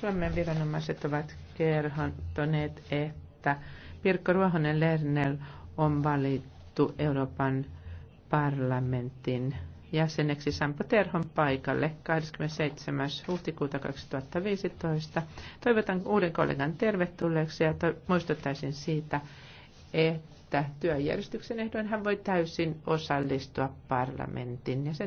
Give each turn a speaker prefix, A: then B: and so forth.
A: Suomen viranomaiset ovat kertoneet, että Pirkko Ruohonen Lernel on valittu Euroopan parlamentin jäseneksi Sampo Terhon paikalle 27. huhtikuuta 2015. Toivotan uuden kollegan tervetulleeksi ja to- muistuttaisin siitä, että työjärjestyksen ehdoin hän voi täysin osallistua
B: parlamentin ja sen